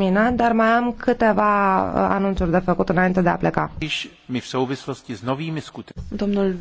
terminat, dar mai am câteva uh, anunțuri de făcut înainte de a pleca. Domnul